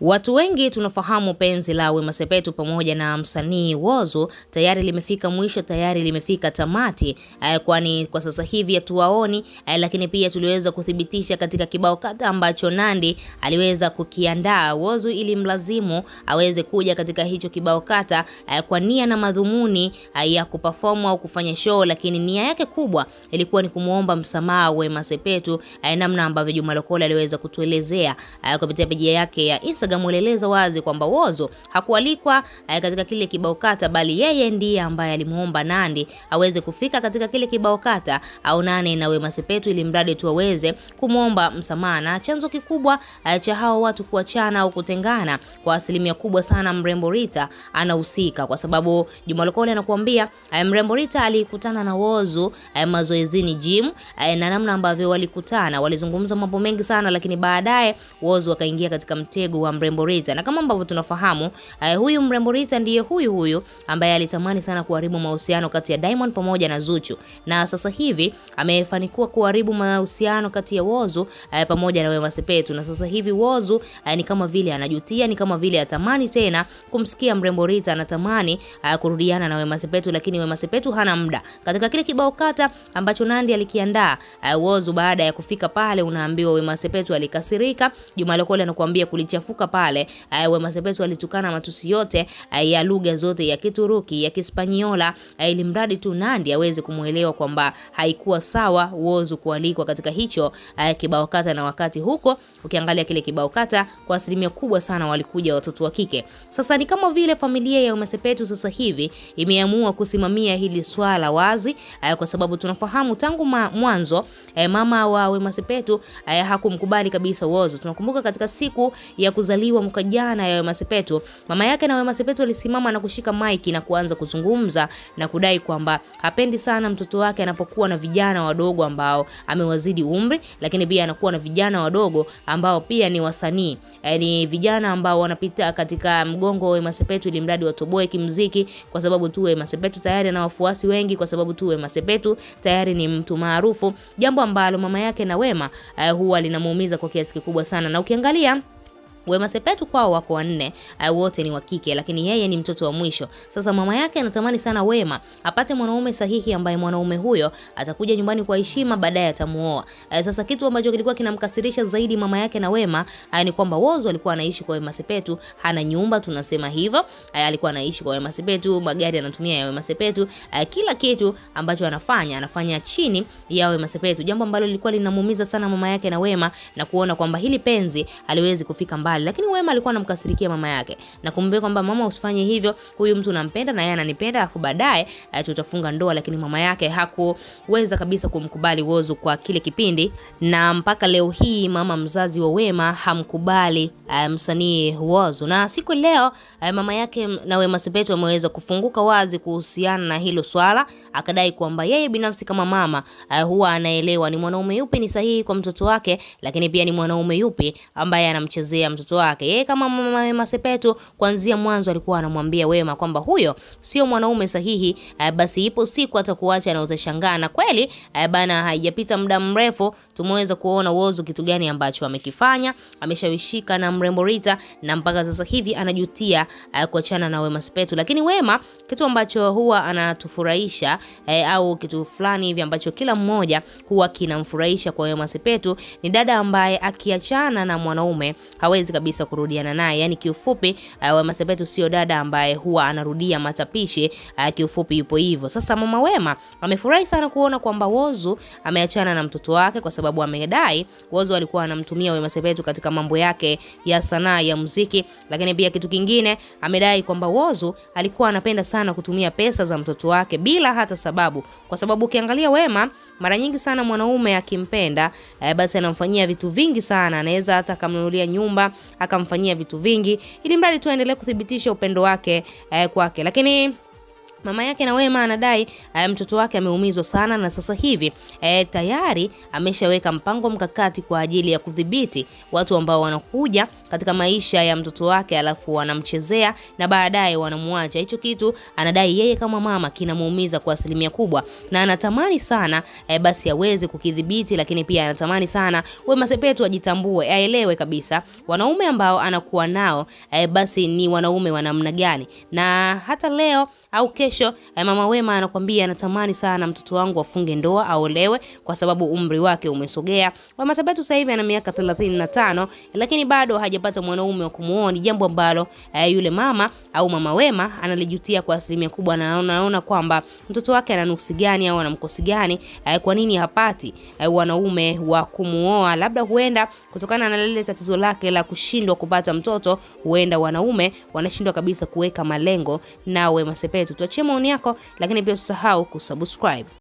Watu wengi tunafahamu penzi la Wema Sepetu pamoja na msanii Whozu tayari limefika mwisho, tayari limefika tamati, eh, kwani kwa sasa hivi hatuwaoni, eh, lakini pia tuliweza kuthibitisha katika kibao kata ambacho Nandy aliweza kukiandaa Whozu ili mlazimu aweze kuja katika hicho kibao kata eh, kwa nia na madhumuni ya kuperform au kufanya show, lakini nia yake kubwa ilikuwa ni kumwomba msamaha Wema Sepetu, namna ambavyo Juma Lokola aliweza kutuelezea kupitia peji yake ya Instagram Gamweleleza wazi kwamba Whozu hakualikwa eh, katika kile kibao kata, bali yeye ndiye ambaye alimuomba Nandy aweze kufika katika kile kibao kata aonane na Wema Sepetu ili mradi tu aweze kumwomba msamaha. Na chanzo kikubwa eh, cha hao watu kuachana au kutengana kwa asilimia kubwa sana mrembo Rita anahusika, kwa sababu Juma Lokole anakuambia eh, mrembo Rita alikutana na Whozu mazoezini gym, na namna ambavyo walikutana walizungumza mambo mengi sana, lakini baadaye Whozu akaingia katika mtego wa mrembo Rita. Na kama ambavyo tunafahamu, eh, huyu mrembo Rita ndiye huyu huyu ambaye alitamani sana kuharibu mahusiano kati ya Diamond pamoja na Zuchu, na sasa hivi amefanikiwa kuharibu mahusiano kati ya Wozu Whozu eh, pamoja na Wema Sepetu, na sasa hivi Wozu Whozu eh, ni kama vile anajutia, ni kama vile atamani tena kumsikia mrembo Rita, anatamani kurudiana na Wema Sepetu, lakini Wema Sepetu hana muda. Katika kile kibao kata ambacho Nandi alikiandaa Wozu baada ya kufika pale, unaambiwa Wema Sepetu alikasirika. Juma Lokole anakuambia kulichafuka pale eh, Wema Sepetu alitukana matusi yote eh, ya lugha zote ya Kituruki, ya Kispanyola Kispaniola, eh, ili mradi tu Nandi aweze kumwelewa kwamba haikuwa sawa Whozu kualikwa katika hicho kibao kata. Na wakati huko ukiangalia kile kibao kata, kwa asilimia kubwa sana walikuja watoto wa kike. Sasa ni kama vile familia ya Wema Sepetu sasa hivi imeamua kusimamia hili swala wazi, kwa sababu tunafahamu tangu ma, mwanzo mama wa Wema Sepetu hakumkubali kabisa Whozu. Tunakumbuka katika siku ya kuzaliwa kuzaliwa mwaka jana ya Wema Sepetu, mama yake na Wema Sepetu alisimama na kushika maiki na kuanza kuzungumza na kudai kwamba hapendi sana mtoto wake anapokuwa na vijana wadogo ambao amewazidi umri, lakini pia anakuwa na vijana wadogo ambao pia ni wasanii, eh, ni vijana ambao wanapita katika mgongo wa Wema Sepetu ili mradi watoboe kimziki, kwa sababu tu Wema Sepetu tayari ana wafuasi wengi, kwa sababu tu Wema Sepetu tayari ni mtu maarufu, jambo ambalo mama yake na Wema uh, huwa linamuumiza kwa kiasi kikubwa sana na ukiangalia Wema Sepetu kwao wako wanne, wote ni wa kike, lakini yeye ni mtoto wa mwisho. Sasa mama yake anatamani sana Wema apate mwanaume sahihi ambaye mwanaume huyo atakuja nyumbani kwa heshima, baadaye atamuoa. Eh, sasa kitu ambacho kilikuwa kinamkasirisha zaidi mama yake na Wema eh, ni kwamba Whozu alikuwa anaishi kwa Wema Sepetu, hana nyumba, tunasema hivyo. Eh, alikuwa anaishi kwa Wema Sepetu, magari anatumia ya Wema Sepetu, kila kitu ambacho anafanya anafanya chini ya Wema Sepetu, jambo ambalo lilikuwa linamuumiza sana mama yake na Wema na kuona kwamba hili penzi haliwezi kufika mbali mbali, lakini Wema alikuwa anamkasirikia mama yake na kumwambia kwamba mama, usifanye hivyo, huyu mtu unampenda na yeye ananipenda, afu baadaye eh, tutafunga ndoa. Lakini mama yake hakuweza kabisa kumkubali Whozu kwa kile kipindi, na mpaka leo hii mama mzazi wa Wema hamkubali eh, msanii Whozu. Na siku leo eh, mama yake na Wema Sepetu ameweza kufunguka wazi kuhusiana na hilo swala, akadai kwamba yeye binafsi kama mama huwa anaelewa ni mwanaume yupi ni sahihi kwa mtoto wake, lakini pia ni mwanaume yupi ambaye anamchezea mtoto wake. Yeye kama mama Wema Sepetu kuanzia mwanzo alikuwa anamwambia Wema kwamba huyo sio mwanaume sahihi, eh, basi ipo siku atakuacha na utashangaa. Na kweli eh, bana, haijapita muda mrefu tumeweza kuona Whozu kitu gani ambacho amekifanya. Ameshawishika na mrembo Rita na mpaka sasa hivi anajutia eh, kuachana na Wema Sepetu. Lakini Wema kitu ambacho huwa anatufurahisha eh, au kitu fulani hivi ambacho kila mmoja huwa kinamfurahisha kwa Wema Sepetu ni dada ambaye akiachana na mwanaume hawezi hawezi kabisa kurudiana naye. Yani kiufupi, uh, eh, Wema Sepetu sio dada ambaye huwa anarudia matapishi uh, eh, kiufupi yupo hivyo. Sasa mama Wema amefurahi sana kuona kwamba Whozu ameachana na mtoto wake, kwa sababu amedai Whozu alikuwa anamtumia Wema Sepetu katika mambo yake ya sanaa ya muziki, lakini pia kitu kingine amedai kwamba Whozu alikuwa anapenda sana kutumia pesa za mtoto wake bila hata sababu, kwa sababu ukiangalia Wema mara nyingi sana mwanaume akimpenda, eh, basi anamfanyia vitu vingi sana, anaweza hata akamnunulia nyumba, akamfanyia vitu vingi, ili mradi tu aendelee kuthibitisha upendo wake eh, kwake lakini Mama yake na Wema anadai mtoto wake ameumizwa sana na sasa hivi e, tayari ameshaweka mpango mkakati kwa ajili ya kudhibiti watu ambao wanakuja katika maisha ya mtoto wake, alafu wanamchezea na baadaye wanamwacha. Hicho kitu anadai yeye kama mama kinamuumiza kwa asilimia kubwa, na anatamani sana e, basi aweze kukidhibiti, lakini pia anatamani sana Wema Sepetu ajitambue, aelewe kabisa wanaume ambao anakuwa nao e, basi ni wanaume wa namna gani, na hata leo au kesho kesho eh, mama Wema anakuambia anatamani sana mtoto wangu afunge ndoa aolewe, kwa sababu umri wake umesogea. Wema Sepetu sasa hivi ana miaka 35, lakini bado hajapata mwanaume wa kumuoni, jambo ambalo eh, yule mama au mama Wema analijutia kwa asilimia kubwa, na anaona kwamba mtoto wake ana nuksi gani au ana mkosi gani? Eh, kwa nini hapati wanaume wa kumuoa? Labda huenda kutokana na lile tatizo lake la kushindwa kupata mtoto, huenda wanaume wanashindwa kabisa kuweka malengo na Wema Sepetu tuache maoni yako, lakini pia usisahau kusubscribe.